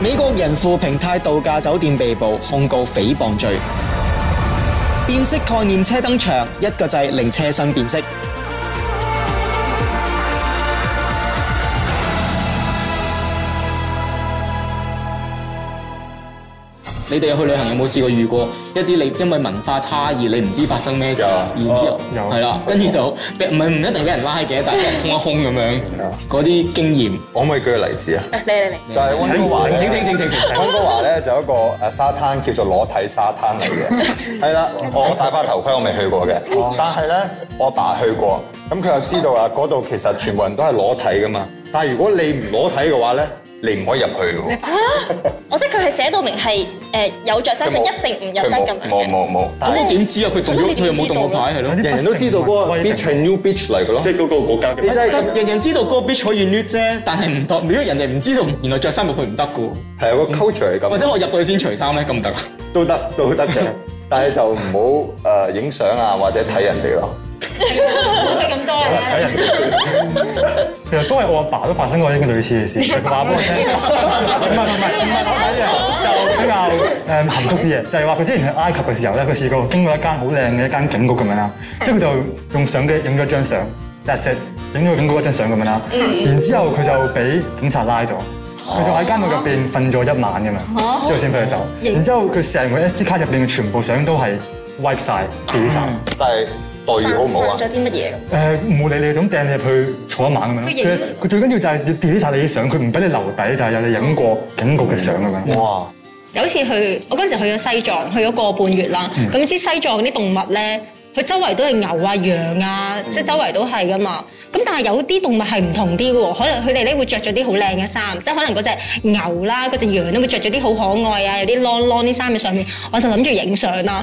美國人負評泰度假酒店被捕，控告誹謗罪。變色概念車登場，一個掣令車身變色。你哋去旅行有冇試過遇過一啲你因為文化差異你唔知發生咩事，然之後係啦，跟住、嗯、就唔係唔一定俾人拉嘅，但係空一空咁樣嗰啲經驗，可唔可以舉個例子啊？嚟嚟嚟，就係溫哥華，請請請請，溫哥華咧就有一個誒沙灘叫做裸體沙灘嚟嘅，係啦，我戴翻頭盔我未去過嘅，啊、但係咧我阿爸去過，咁佢就知道啊，嗰度其實全部人都係裸體噶嘛，但係如果你唔裸體嘅話咧。你唔可以入去嘅喎。嚇！我即係佢係寫到明係誒有著衫就一定唔入得咁嘅。冇冇冇。咁我點知啊？佢動咗，佢又冇動過牌。係咯，人人都知道嗰個 beach 係 nude beach 來嘅咯。即係嗰個國家。你真係人人知道嗰個 beach 可以 nude 㗎啫，但係唔得。如果人哋唔知道，原來著衫入去唔得嘅。係啊，個 culture 嚟咁。或者我入到去先除衫咧，咁得唔得啊？都得都得嘅，但係就唔好誒影相啊，或者睇人哋咯。咁多啊！其實都係我阿爸都發生過呢個類似嘅事，佢話俾我聽。唔係唔係， 就比較誒含蓄啲嘢，就係話佢之前去埃及嘅時候咧，佢試過經過一間好靚嘅一間警局咁樣啦，即係佢就用相機影咗張相，日式影咗警局一張相咁樣啦。嗯、然之後佢就俾警察拉咗，佢就喺監獄入邊瞓咗一晚噶嘛，之後先俾佢走。的然之後佢成個 S D 卡入邊嘅全部相都係 wipe 晒 delete 晒。掉嗯、但係對好唔好啊？誒冇、呃、理你，咁掟你入去坐一晚咁樣。佢最緊要就係要掉晒你啲相，佢唔俾你留底，就係、是、有你影過警局嘅相咁樣。嗯、哇！有次去我嗰陣時去咗西藏，去咗個半月啦。咁知、嗯、西藏嗰啲動物咧，佢周圍都係牛啊、羊啊，即係、嗯、周圍都係噶嘛。咁但係有啲動物係唔同啲嘅喎，可能佢哋咧會着咗啲好靚嘅衫，即係可能嗰隻牛啦、嗰隻羊都會着咗啲好可愛啊、有啲啷啷啲衫喺上面。我就諗住影相啦。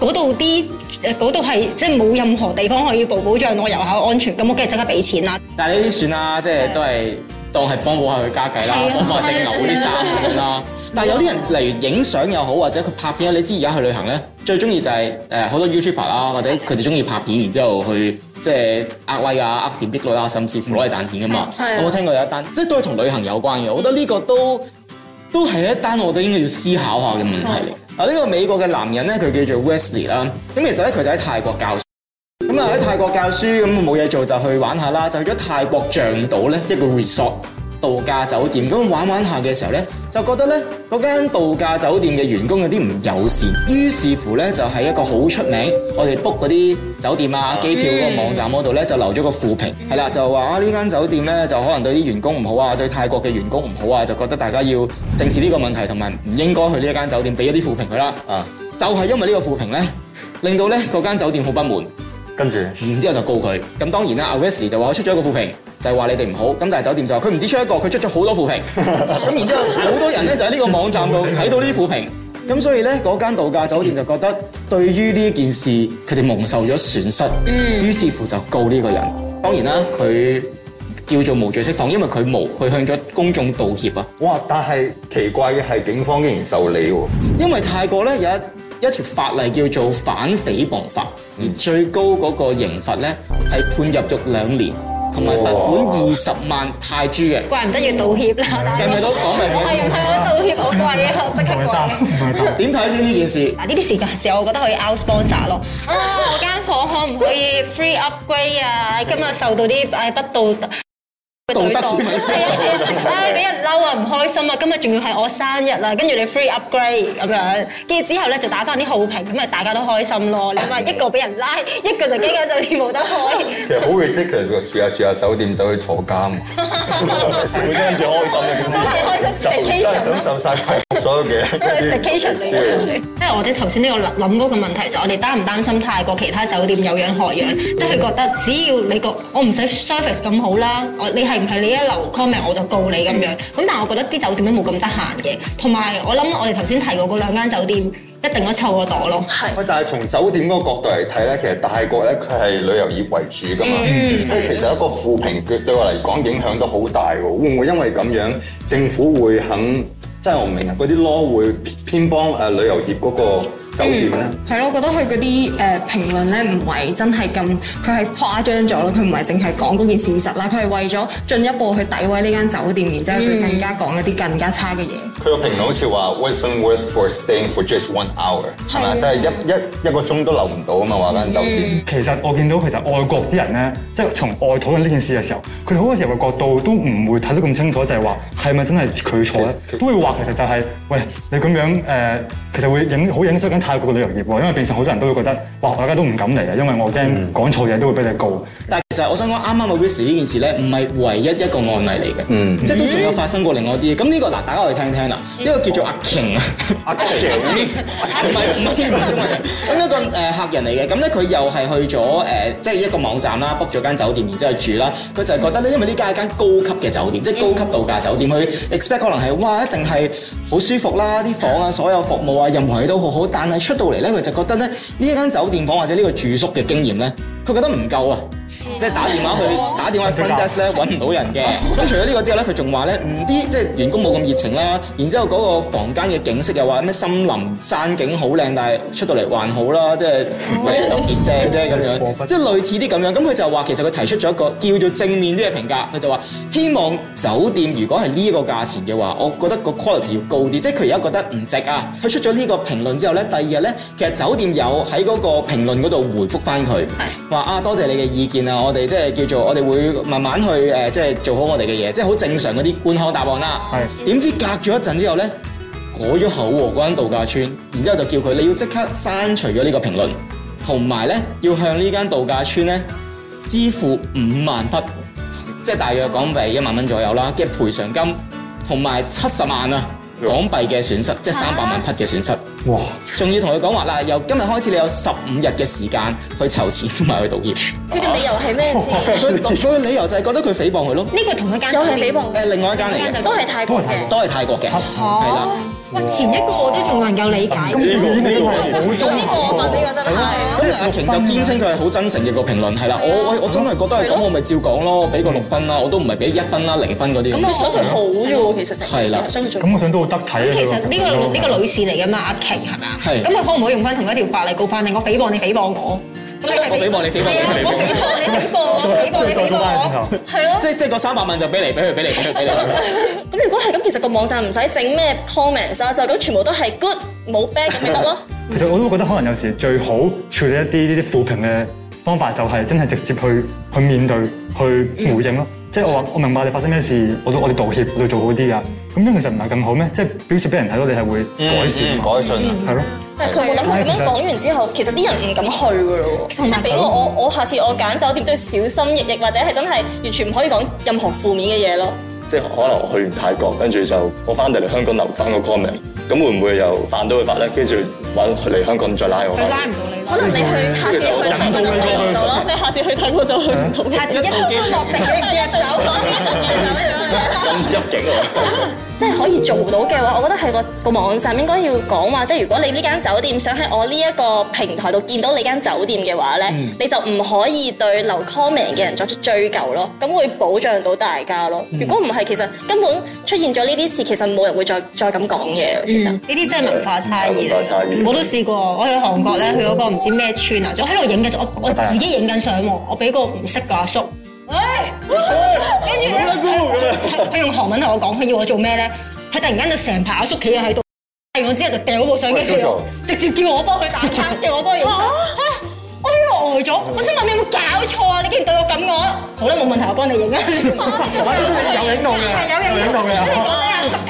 嗰度啲誒，度係即係冇任何地方可以保保障我遊客安全，咁我梗係即刻俾錢啦。但係呢啲算啦，即係的都係當係幫補下佢家計啦，咁啊整樓啲衫啦。是的 但係有啲人嚟影相又好，或者佢拍片，你知而家去旅行咧，最中意就係誒好多 YouTuber 啦，或者佢哋中意拍片，然之後去即係呃 like 啊、呃點擊率啦，甚至乎攞嚟賺錢噶嘛。有冇的聽過有一單，即係都係同旅行有關嘅？我覺得呢個都都係一單我哋應該要思考下嘅問題。啊！呢個美國嘅男人咧，佢叫做 Wesley 啦。咁其實咧，佢就喺泰國教書。咁啊，喺泰國教書，咁冇嘢做就去玩下啦。就去咗泰國象島咧一個 resort。度假酒店咁玩玩下嘅時候呢，就覺得呢嗰間度假酒店嘅員工有啲唔友善，於是乎呢，就係一個好出名，我哋 book 嗰啲酒店啊機票個網站嗰度呢，就留咗個負評，係啦就話啊呢間酒店呢，就可能對啲員工唔好啊，對泰國嘅員工唔好啊，就覺得大家要正視呢個問題，同埋唔應該去呢一間酒店，俾一啲負評佢啦，啊就係因為呢個負評呢，令到呢嗰間酒店好不滿。跟住，然之後就告佢。咁當然啦，Wesley 就話佢出咗一個負評，就係、是、話你哋唔好。咁但係酒店就話佢唔止出一個，佢出咗好多負評。咁 然之後，好多人咧就喺呢個網站度睇到呢負評。咁 所以咧，嗰間度假酒店就覺得對於呢一件事，佢哋蒙受咗損失。於、嗯、是乎就告呢個人。當然啦，佢叫做無罪釋放，因為佢無，佢向咗公眾道歉啊。哇！但係奇怪嘅係，警方竟然受理喎。因為泰國咧有一一條法例叫做反誹謗法，而最高嗰個刑罰咧係判入獄兩年，同埋罰款二十萬泰銖嘅、哦哦。怪唔得要道歉啦，係咪都講明講清楚？係啊，我道歉，我跪啊，即刻跪。點睇 先呢件事？嗱，呢啲時間時候，我覺得可以 out sponsor 咯。啊，我間房可唔可以 free upgrade 啊？ 今日受到啲誒不道德。對待係啊，唉，俾人嬲啊，唔開心啊！今日仲要係我生日啦，跟住你 free upgrade，咁樣，跟住之後咧就打翻啲好評，咁咪大家都開心咯。你話一個俾人拉，一個就幾間酒店冇得開。其實好 unique 嘅，住下住下酒店走去坐監，笑聲最開心嘅，真係開心。station，真係感受晒所有嘅嗰啲 station。因為我哋頭先呢個諗諗嗰個問題，就我哋擔唔擔心泰國其他酒店有樣學樣，即係覺得只要你個我唔使 service 咁好啦，我你係。唔係你一留 comment 我就告你咁樣，咁但係我覺得啲酒店都冇咁得閒嘅，同埋我諗我哋頭先提過嗰兩間酒店一定都臭個朵咯。係。喂，但係從酒店嗰個角度嚟睇咧，其實泰國咧佢係旅遊業為主噶嘛，嗯、所以其實一個負評對我嚟講影響都好大喎。會唔會因為咁樣政府會肯？即係我唔明啊！嗰啲 law 會偏幫誒旅遊業嗰、那個。酒店咧，係咯、嗯，我覺得佢嗰啲誒評論咧，唔係真係咁，佢係誇張咗咯。佢唔係淨係講嗰件事實啦，佢係為咗進一步去詆毀呢間酒店，然之後就更加講一啲更加差嘅嘢。佢個、嗯、評論好似話 wasn't worth for staying for just one hour，係咪？即係一一一個鐘都留唔到啊嘛！話間、嗯、酒店。嗯、其實、嗯、我見到其實外國啲人咧，即係從外討論呢件事嘅時候，佢好多時候個角度都唔會睇得咁清楚，就係話係咪真係佢錯咧？實實都會話、就是、其實就係、是、喂你咁樣誒其實會影好影響緊。泰國個旅遊業因為變成好多人都會覺得，哇！大家都唔敢嚟啊，因為我驚講錯嘢都會俾你告。但其實我想講啱啱個 Wesley 呢件事咧，唔係唯一一個案例嚟嘅，即係都仲有發生過另外啲嘢。咁呢個嗱，大家可以聽聽啦，呢個叫做阿 King 啊，阿 King，唔係唔係呢個啊，咁一個誒客人嚟嘅，咁咧佢又係去咗誒，即係一個網站啦，book 咗間酒店，然之後住啦。佢就係覺得咧，因為呢間係間高級嘅酒店，即係高級度假酒店，佢 expect 可能係哇，一定係好舒服啦，啲房啊，所有服務啊，任何嘢都好好，但但出到嚟咧，佢就覺得咧呢間酒店房或者呢個住宿嘅經驗咧，佢覺得唔夠啊！即係打電話去打電話去 front desk 咧揾唔到人嘅。咁 除咗呢個之後咧，佢仲話咧唔知，即係員工冇咁熱情啦。然之後嗰個房間嘅景色又話咩森林山景好靚，但係出到嚟還好啦，即係唔係特別正啫咁樣。 即係類似啲咁樣。咁佢就話其實佢提出咗一個叫做正面啲嘅評價。佢就話希望酒店如果係呢個價錢嘅話，我覺得個 quality 要高啲。即係佢而家覺得唔值啊。佢出咗呢個評論之後咧，第二日咧其實酒店有喺嗰個評論嗰度回覆返佢，話是啊，多謝你嘅意見啊。我哋即係叫做我哋會慢慢去誒，即係做好我哋嘅嘢，即係好正常嗰啲官腔答案啦。係點是知隔咗一陣之後咧，改咗口喎，嗰間度假村，然之後就叫佢你要即刻刪除咗呢個評論，同埋咧要向呢間度假村咧支付五萬匹，即係大約港幣一萬蚊左右啦嘅賠償金，同埋七十萬啊港幣嘅損失，嗎即係三百萬匹嘅損失。哇！仲要同佢講話啦，由今日開始你有十五日嘅時間去籌錢同埋去道歉。佢嘅理由係咩先？佢佢嘅理由就係覺得佢誹謗佢咯。呢個同佢間，又係誹謗。誒，另外一間嚟，都係泰國嘅，都係泰國嘅。哦。啊。哇！前一個我都仲能夠理解，咁呢啲都係好過分，呢個真係。咁阿瓊就堅稱佢係好真誠嘅個評論，係啦，我我我真係覺得係咁，我咪照講咯，俾個六分啦，我都唔係俾一分啦，零分嗰啲。咁我想佢好啫喎，其實成佢做。咁我想都好得體。咁其實呢個呢個女士嚟㗎嘛，阿瓊係咪啊？係。咁佢可唔可以用翻同一條法例告發，令我詆譭你，詆譭我？咁你係俾你睇翻，係啊！俾我你睇過，再再再講翻啦，之後係咯，即係即係三百萬就俾嚟俾佢，俾你俾佢俾嚟。咁如果係咁，其實個網站唔使整咩 comments 啊，就咁全部都係 good，冇 bad 咁咪得咯。其實我都覺得可能有時最好處理一啲呢啲負評嘅方法，就係真係直接去去面對去回應咯。即係我話，我明白你發生咩事，我都我哋道歉，我哋做好啲㗎。咁樣其實唔係咁好咩？即係表示俾人睇咯，你係會改善改進，係咯。但係佢冇諗過咁樣講完之後，其實啲人唔敢去噶咯。同埋我我下次我揀酒店都要小心翼翼，或者係真係完全唔可以講任何負面嘅嘢咯。即係可能去完泰國，跟住就我翻嚟嚟香港留翻個 comment，咁會唔會又犯到會法咧？跟住搵佢嚟香港再拉我。係拉唔到你。可能你去下次去泰國就拉到咯，你下次去泰國就去唔到。下次一落地俾人夾走。唔知有幾即係可以做到嘅話，我覺得係個個網站應該要講話，即係如果你呢間酒店想喺我呢一個平台度見到你間酒店嘅話咧，嗯、你就唔可以對留 comment 嘅人作出追究咯，咁會保障到大家咯。如果唔係，其實根本出現咗呢啲事，其實冇人會再再咁講嘢。其實呢啲、嗯、真係文化差異，差異我都試過，我去韓國咧，去嗰個唔知咩村啊，我喺度影緊，我我自己影緊相，我俾個唔識嘅阿叔。哎，跟住咧，佢用韓文同我講，佢要我做咩咧？佢突然間就成排阿叔企喺度，睇完我之後就掉部相機掉，直接叫我幫佢打卡，叫我幫佢影相。吓，我呢個呆咗，我想問你有冇搞錯啊？你竟然對我咁講，好啦，冇問題，我幫你影啊，有影到嘅，有影到嘅，有影到嘅。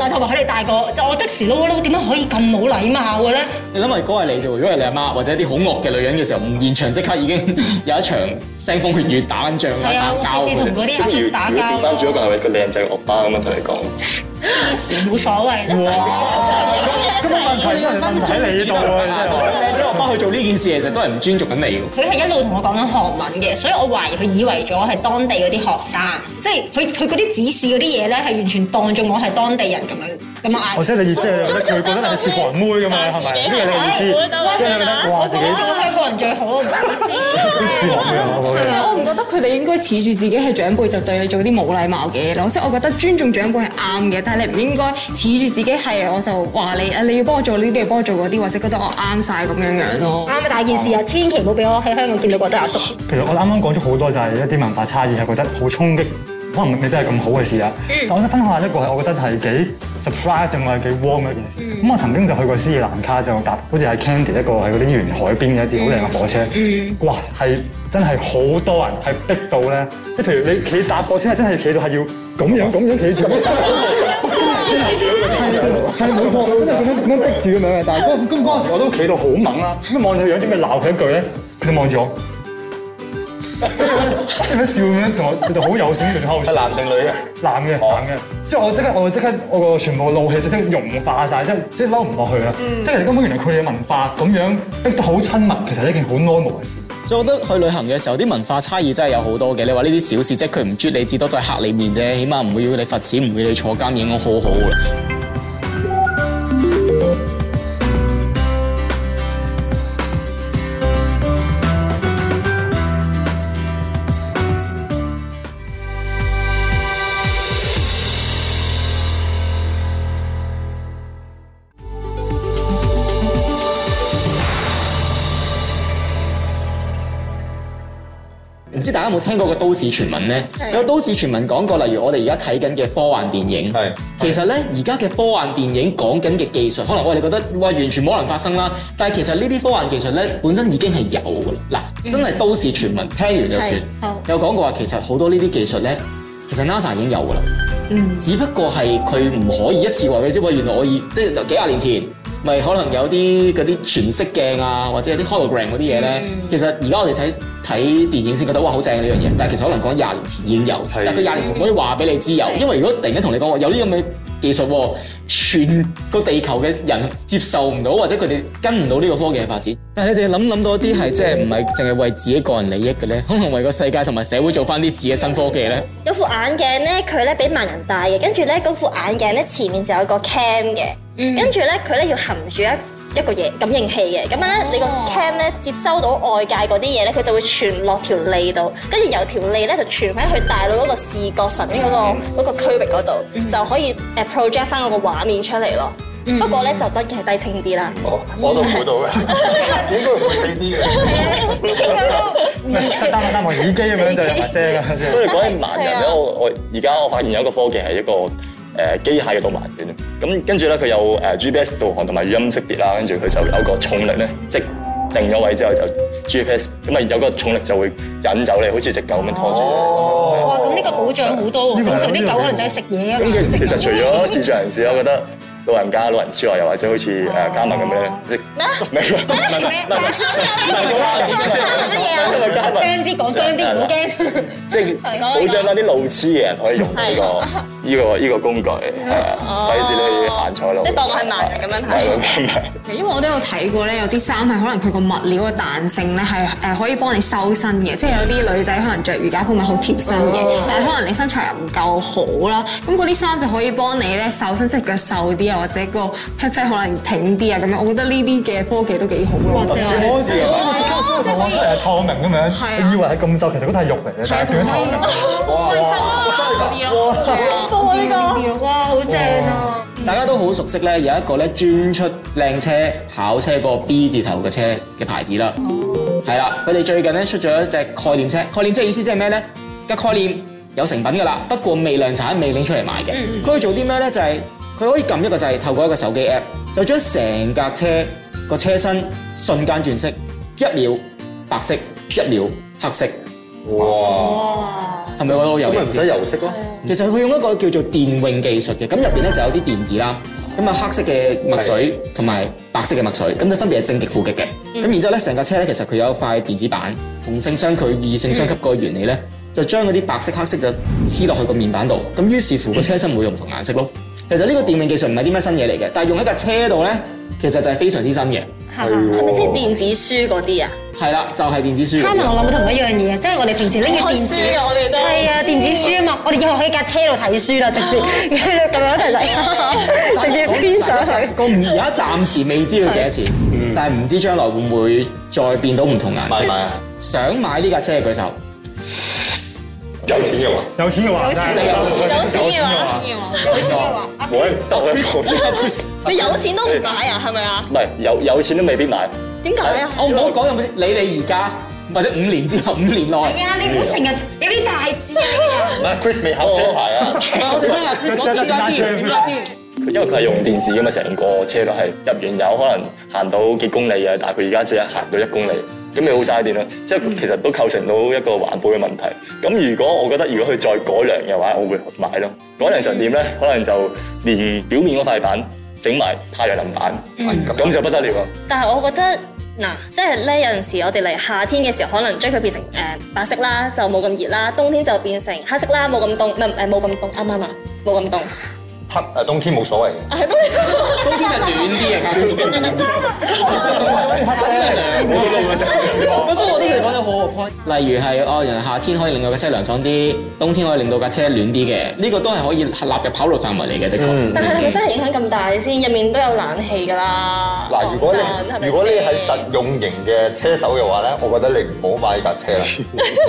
大頭話喺你大個，我即時咯咯咯，點解可以咁冇禮貌嘅咧？你諗下，哥係你啫，如果係你阿媽或者啲好惡嘅女人嘅時候，唔現場即刻已經有一場腥風血雨打緊仗同、啊、啦，的打交。跟住叫班主任係咪個靚仔惡爸咁樣同你講？冇所謂咁我問佢，我問翻你尊重啊！即係我幫佢做呢件事，其實都係唔尊重緊你嘅。佢係一路同我講緊韓文嘅，所以我懷疑佢以為咗係當地嗰啲學生，即係佢佢嗰啲指示嗰啲嘢咧，係完全當做我係當地人咁樣咁啊！即係你意思係佢覺得你似韓妹㗎嘛？係咪？即係你意思？哇！自己～最好唔啊！我唔對覺得佢哋應該恃住自己係長輩就對你做啲冇禮貌嘅嘢咯，即係我覺得尊重長輩係啱嘅，但係你唔應該恃住自己係，我就話你啊，你要幫我做呢啲，要幫我做嗰啲，或者覺得我啱晒咁樣樣咯。啱嘅大件事啊，對千祈唔好俾我喺香港見到覺得阿叔。其實我啱啱講咗好多，就係一啲文化差異，係覺得好衝擊。可能未必都係咁好嘅事啊。嗯。但我想分享下一個係，我覺得係幾。Surprise 定係幾 warm 一件事，咁我曾經就去過斯里蘭卡，就搭好似係 Candy 一個喺嗰啲沿海邊嘅一啲好靚嘅火車，哇係真係好多人係逼到咧，即係譬如你企搭火車係真係企到係要咁樣咁樣企住，係冇錯，真係咁樣咁樣逼住咁樣嘅，但係咁嗰陣時我都企到好猛啦，咁望住佢樣點咩鬧佢一句咧，佢就望住我。做咩笑咩？同我佢就好有笑，仲好。係男定女嘅？男嘅，男嘅。之後我即刻，我即刻，我個全部怒氣即刻融化晒，即即嬲唔落去啦。即係根本原來佢嘅文化咁樣逼得好親密，其實係一件好 normal 嘅事。所以我覺得去旅行嘅時候，啲文化差異真係有好多嘅。你話呢啲小事，即係佢唔啜你，至多都係黑你面啫，起碼唔會要你罰錢，唔會你坐監，已經好好啦。大家有冇聽過個都市傳聞呢？是有都市傳聞講過，例如我哋而家睇緊嘅科幻電影，是其實呢，而家嘅科幻電影講緊嘅技術，可能我哋覺得哇，呃，完全冇可能發生啦。但係其實呢啲科幻技術呢，本身已經係有噶啦。嗱，真係都市傳聞，聽完就算。有講過話，其實好多呢啲技術呢，其實 NASA 已經有噶啦。嗯、只不過係佢唔可以一次話俾你知。喂，原來我以即係幾廿年前，咪可能有啲嗰啲全息鏡啊，或者有啲 Hologram 嗰啲嘢呢。嗯。其實而家我哋睇。睇電影先覺得哇好正呢樣嘢，但係其實可能講廿年前已經有，的但係佢廿年前可以話俾你知有，的因為如果突然間同你講話有呢咁嘅技術，全個地球嘅人接受唔到，或者佢哋跟唔到呢個科技嘅發展。但係你哋諗諗到啲係即係唔係淨係為自己個人利益嘅咧，可能為個世界同埋社會做翻啲自己嘅新科技咧。有副眼鏡咧，佢咧俾萬人戴嘅，跟住咧嗰副眼鏡咧前面就有一個 cam 嘅，跟住咧佢咧要含住一。 一個嘢感應器嘅，咁咧你個 cam 咧接收到外界嗰啲嘢咧，佢就會傳落條脷度，跟住由條脷咧就傳翻去大腦嗰個視覺神嗰個嗰個區域嗰度，嗯、就可以誒 project 翻嗰個畫面出嚟咯。嗯、不過咧就得係低清啲啦。哦，我都估到嘅，因為 應該係四啲嘅。戴埋戴埋耳機咁樣就嚟發聲不如以講起盲人咧，對對我我而家我發現有一個科技係一個。誒，機械嘅導盲犬，咁跟住咧佢有誒 GPS 導航同埋語音識別啦，跟住佢就有個重力咧，即定咗位之後就 GPS，咁啊有個重力就會引走你，好似隻狗咁樣拖住。哦，哇，咁呢個保障好多，呃、正常啲狗可能就係食嘢。咁其實除咗市場人士， 我覺得。老人家老人痴呆，又或者好似誒嘉文咁樣，咩咩嘅咩？驚啲講驚啲唔驚，即係保障翻啲路痴嘅人可以用呢個呢個呢個工具，係啊，費事你犯錯咯，即當係盲咁樣睇。因為我都有睇過咧，有啲衫係可能佢個物料嘅彈性咧係誒可以幫你瘦身嘅，即係有啲女仔可能着瑜伽褲咪好貼身嘅，但係可能你身材又唔夠好啦，咁嗰啲衫就可以幫你咧瘦身，即係腳瘦啲。又或者個 pat pat 可能挺啲啊咁樣，我覺得呢啲嘅科技都幾好咯。我知我知，我睇到副圖講出嚟係透明咁樣，以為係咁瘦，其實嗰係肉嚟嘅，戴頭套。哇！我真係嗰啲咯，多啲咯，哇！好正啊！大家都好熟悉咧，有一個咧專出靚車跑車個 B 字頭嘅車嘅牌子啦。哦，係啦，佢哋最近咧出咗一隻概念車，概念車嘅意思即係咩咧？嘅概念有成品㗎啦，不過未量產，未拎出嚟賣嘅。嗯嗯，佢要做啲咩咧？就係佢可以撳一個掣，透過一個手機 app 就將成架車個車身瞬間轉色，一秒白色，一秒黑色。哇！係咪好有？唔使油色咯。嗯、其實佢用一個叫做電泳技術嘅，咁入邊咧就有啲電子啦。咁啊，黑色嘅墨水同埋白色嘅墨水，咁佢分別係正極負極嘅。咁、嗯、然之後咧，成架車咧，其實佢有一塊電子板，同性相拒，異性相吸個原理咧。就將嗰啲白色、黑色就黐落去個面板度，咁於是乎個車身會用唔同顏色咯。其實呢個電泳技術唔係啲咩新嘢嚟嘅，但係用喺架車度咧，其實就係非常之新嘅。係咪即係電子書嗰啲啊？係啦，就係電子書。哈文，我諗唔同一樣嘢，即係我哋平時拎住電子書我哋都係啊，電子書啊嘛，我哋以後喺架車度睇書啦，直接咁樣睇，直接編上去。個而家暫時未知要幾多錢，但係唔知將來會唔會再變到唔同顏色。想買呢架車嘅舉手。有錢嘅話，有錢嘅話，有錢嘅話，有錢嘅話，有錢嘅話，冇得。特你有錢都唔買人，係咪啊？唔係有有錢都未必買。點解啊？我唔好講你哋而家或者五年之後、五年內。係啊，你唔好成日有啲大字啊。Chris 未考過車牌啊！我哋真係講點解先？點解先？因為佢係用電池㗎嘛，成個車都係入完油，可能行到幾公里啊，但係佢而家只係行到一公里。咁咪耗曬電咯，即係其實都構成到一個環保嘅問題。咁如果我覺得如果佢再改良嘅話，我會買咯。改良成點咧？可能就連表面嗰塊板整埋太陽能板，咁就不得了。但係我覺得嗱，即係咧有陣時我哋例如夏天嘅時候，可能將佢變成誒白色啦，就冇咁熱啦；冬天就變成黑色啦，冇咁凍，唔誒冇咁凍，啱唔啱啊？冇咁凍。黑啊！冬天冇所謂冬天冬天暖啲嘅。冬天暖啲。真係，我覺得唔會值。不過我真係覺得好 happy 例如係哦，原來夏天可以令到架車涼爽啲，冬天可以令到架車暖啲嘅。呢個都係可以立入跑路範圍嚟嘅，的確。但係係咪真係影響咁大先？入面都有冷氣㗎啦。嗱，如果你如果你係實用型嘅車手嘅話咧，我覺得你唔好買架車啦。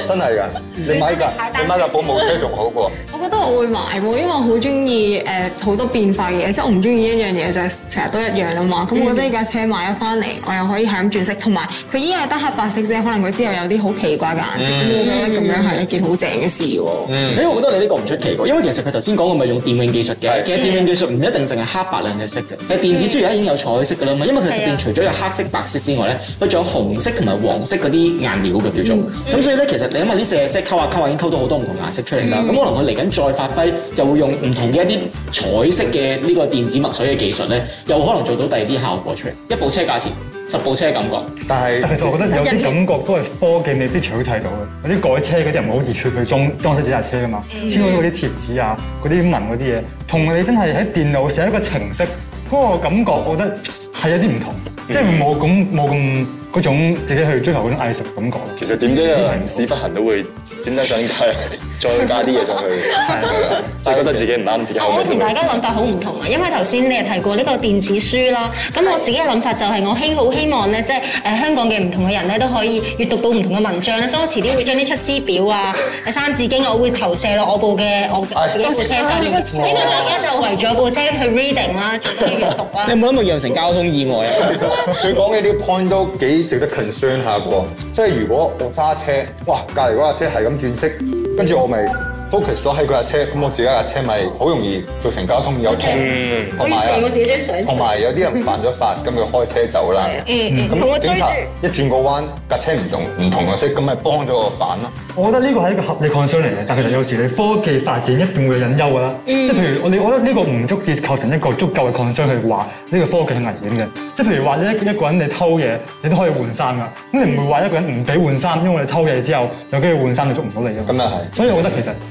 真係㗎，你買架你買架保姆車仲好過。我覺得我會買喎，因為我好中意誒。好多變化嘅嘢，即係我唔中意一樣嘢就係成日都一樣啦嘛。咁我覺得依架車買咗翻嚟，我又可以係咁轉色，同埋佢依家得黑白色啫，可能佢之後有啲好奇怪嘅顏色咁樣，咁樣係一件好正嘅事喎。誒，我覺得你呢個唔出奇喎，因為其實佢頭先講嘅咪用電泳技術嘅，其實電泳技術唔一定淨係黑白兩隻色嘅，但電子書而家已經有彩色噶啦嘛，因為佢入邊除咗有黑色、白色之外咧，佢仲有紅色同埋黃色嗰啲顏料嘅叫做。咁所以咧，其實你因為呢四隻色溝下溝下已經溝到好多唔同顏色出嚟啦。咁可能佢嚟緊再發揮，就會用唔同嘅一啲。彩色嘅呢個電子墨水嘅技術咧，有可能做到第二啲效果出嚟。一部車價錢，十部車感覺，但係但係我覺得有啲感覺都係科技未必全部睇到嘅。有啲改車嗰啲唔係好易去去裝裝飾這架車噶嘛，黐嗰啲貼紙啊，嗰啲紋嗰啲嘢，同你真係喺電腦寫一個程式，嗰個感覺，我覺得係有啲唔同，即係冇咁冇咁嗰種自己去追求嗰種藝術感覺。其實點解，市不行都會。點解想係，再加啲嘢上去，就的覺得自己唔啱、啊、自己。我同大家諗法好唔同啊！因為頭先你又提過呢個電子書啦，咁我自己嘅諗法就係我希好希望咧，即係誒香港嘅唔同嘅人咧都可以閱讀到唔同嘅文章咧，所以我遲啲會將啲出師表啊、《三字經》啊，我會投射落我部嘅我部車上，因為、哎啊啊、大家就圍住部車去 reading 啦，做啲閱讀啦。 你有冇諗過形成交通意外啊？佢講嘅啲 point 都幾值得 concern 下、啊、喎，即、就、係、是、如果我揸車，哇，隔離嗰架車係轉色，跟住我咪。focus 咗喺佢架車，咁我自己架車咪好容易造成交通意外。同埋有我自己都想。同埋有啲人犯咗法，咁佢 開車走啦。咁警察一轉個彎，架車唔同唔同嘅色，咁咪幫咗個犯咯。嗯、我覺得呢個係一個合理抗爭嚟嘅。但其實有時你科技發展一定會有隱憂㗎啦。嗯、即係譬如我哋覺得呢個唔足夠構成一個足夠嘅抗爭去話，呢、呢個科技係危險嘅。即係譬如話一一個人你偷嘢，你都可以換衫㗎。咁你唔會話一個人唔俾換衫，因為你偷嘢之後有機會換衫你捉唔到你㗎。咁又係。所以我覺得其實。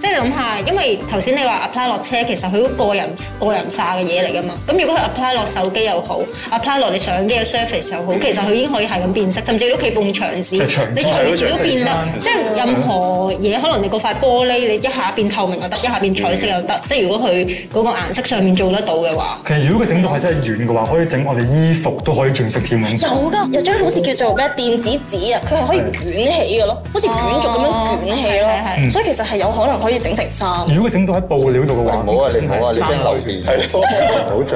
即係諗下，因為頭先你話 apply 落車，其實佢個人個人化嘅嘢嚟㗎嘛。咁如果佢 apply 落手機又好，apply 落你相機嘅 surface 又好，好嗯、其實佢已經可以係咁變色。甚至你屋企埲牆紙，牆你隨時都變得，即係任何嘢。嗯、可能你嗰塊玻璃，你一下變透明又得，一下變彩色又得。嗯、即係如果佢嗰個顏色上面做得到嘅話，其實如果佢整到係真係軟嘅話，可以整我哋衣服都可以轉色添。有㗎，有張好似叫做咩電子紙啊，佢係可以捲起嘅咯，對 好似捲軸咁樣捲起咯。所以其實係有可能。可以整成衫。如果整到喺布料度嘅話，唔好啊！你唔好啊！你驚漏邊？係咯，好賬。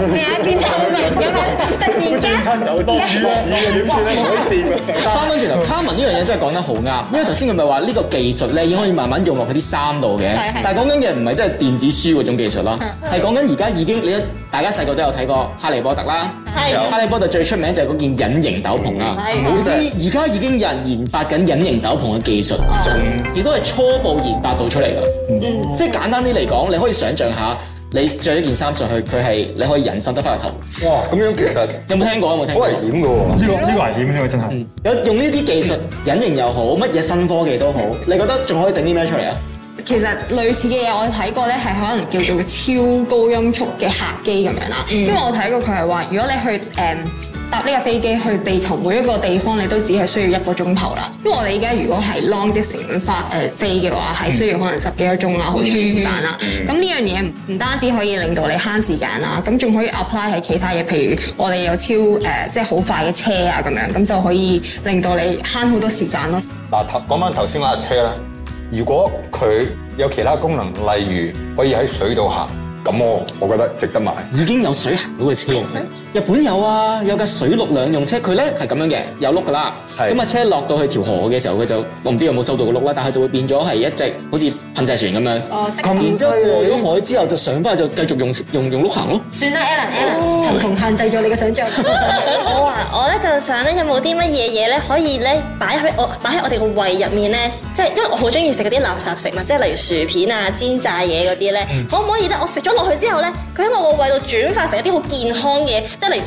你喺邊偷嘅？有冇突然間？有多餘嘅點算咧？唔好掂啊！翻返轉頭，卡文呢樣嘢真係講得好啱。因為頭先佢咪話呢個技術咧已經可以慢慢用落佢啲衫度嘅。係係。但係講緊嘅唔係真係電子書嗰種技術咯，係講緊而家已經你大家細個都有睇過《哈利波特》啦。係。《哈利波特》最出名就係嗰件隱形斗篷啦。係。你知唔知而家已經有人研發緊隱形斗篷嘅技術？仲亦都係初步研發。導出嚟噶，即係簡單啲嚟講，你可以想象下，你着一件衫上去，佢係你可以隱身得翻個頭。哇！咁樣其實有冇聽過有冇聽過好危險噶？呢個呢個危險呢個真係。嗯、有用呢啲技術，隱形又好，乜嘢新科技都好，你覺得仲可以整啲咩出嚟啊？其實類似嘅嘢我睇過咧，係可能叫做超高音速嘅客機咁樣啦。嗯、因為我睇過佢係話，如果你去誒。嗯搭呢個飛機去地球每一個地方，你都只係需要一個鐘頭啦。因為我哋而家如果係 long distance 飛嘅話，係、嗯、需要可能十幾個鐘啊，好長時間啦。咁呢、嗯、樣嘢唔單止可以令到你慳時間啦，咁仲可以 apply 喺其他嘢，譬如我哋有超誒即係好快嘅車啊咁樣，咁就可以令到你慳好多時間咯。嗱，講翻頭先嗰架車啦，如果佢有其他功能，例如可以喺水度行。咁我，我覺得值得買。已經有水行到嘅車， 日本有啊，有架水陸兩用車，佢呢係咁樣嘅，有轆㗎喇。咁啊是，車落到去條河嘅時候，佢就我唔知道有冇收到個轆啦，但係就會變咗係一隻好似。噴射船咁樣，然之後過咗海之後就上翻去就繼續用用用碌行咯。算啦，Alan Alan，貧窮、oh，限制咗你嘅想像。 我我咧就想咧，有冇啲乜嘢嘢咧可以咧擺喺我擺喺我哋個胃入面咧？即係因為我好中意食嗰啲垃圾食物，即係例如薯片啊、煎炸嘢嗰啲咧，可唔 可以咧？我食咗落去之後咧，佢喺我個胃度轉化成一啲好健康嘅嘢，即係例如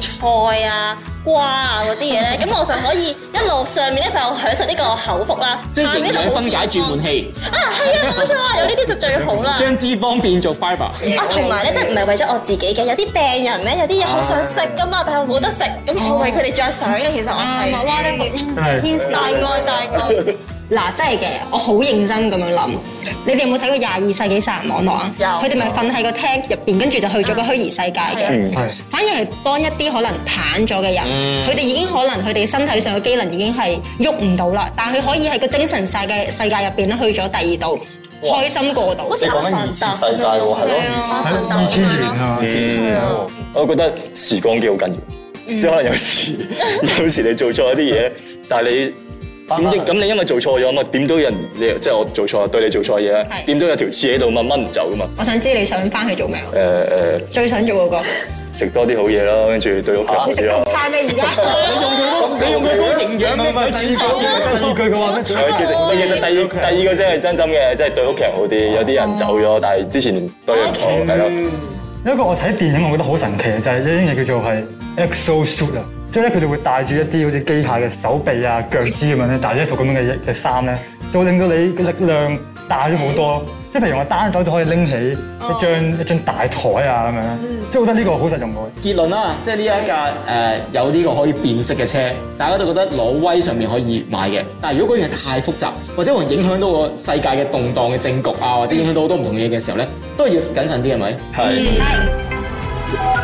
菜啊。瓜啊嗰啲嘢咧，咁我就可以一路上面咧就享受呢個口福啦。即係營養分解轉換器啊，係啊，冇錯啊，有呢啲就最好啦。 將脂肪變做 fiber 啊，同埋咧真係唔係為咗我自己嘅，有啲病人咧有啲嘢好想食噶嘛，唉但係冇得食，咁我為佢哋着想啊，其實我係哇呢個天使，大愛概、嗯、大愛。大 嗱，真係嘅，我好認真咁樣諗。你哋有冇睇過《廿二世紀殺人網絡》啊？有。佢哋咪瞓喺個廳入邊，跟住就去咗個虛擬世界嘅。反而係幫一啲可能癱咗嘅人，佢哋已經可能佢哋身體上嘅機能已經係喐唔到啦，但係佢可以喺個精神世界入邊咧去咗第二度，開心過度。你講緊二次世界喎，係咯？係二次元啊！我覺得時光機好緊要，即係可能有時有時你做錯一啲嘢，但係你。點知咁你因為做錯咗嘛？點都有人，即係我做錯對你做錯嘢啦，點都有條刺喺度嘛？掹唔走噶嘛？我想知你想翻去做咩？誒誒，最想做嗰個食多啲好嘢咯，跟住對屋企人。你食咁差咩？而家你用佢乜？你用佢乜營養咩？第二句，第二句佢話咩？其實第二第二個先係真心嘅，即係對屋企人好啲。有啲人走咗，但係之前對唔錯係咯。有一個我睇電影，我覺得好神奇，就係呢啲嘢叫做係 exos 即係咧，佢就會帶住一啲好似機械嘅手臂啊、腳肢咁樣咧，戴住一套咁樣嘅嘅衫咧，就會令到你嘅力量大咗好多咯。即係譬如我單手就可以拎起一張、哦、一張大台啊咁樣，即係我覺得呢個好實用嘅。嗯、結論啦，即係呢一架誒是、呃、有呢個可以變色嘅車，大家都覺得挪威上面可以買嘅。但係如果嗰樣嘢太複雜，或者會影響到個世界嘅動盪嘅政局啊，或者影響到好多唔同嘢嘅時候咧，都係要謹慎啲係咪？係。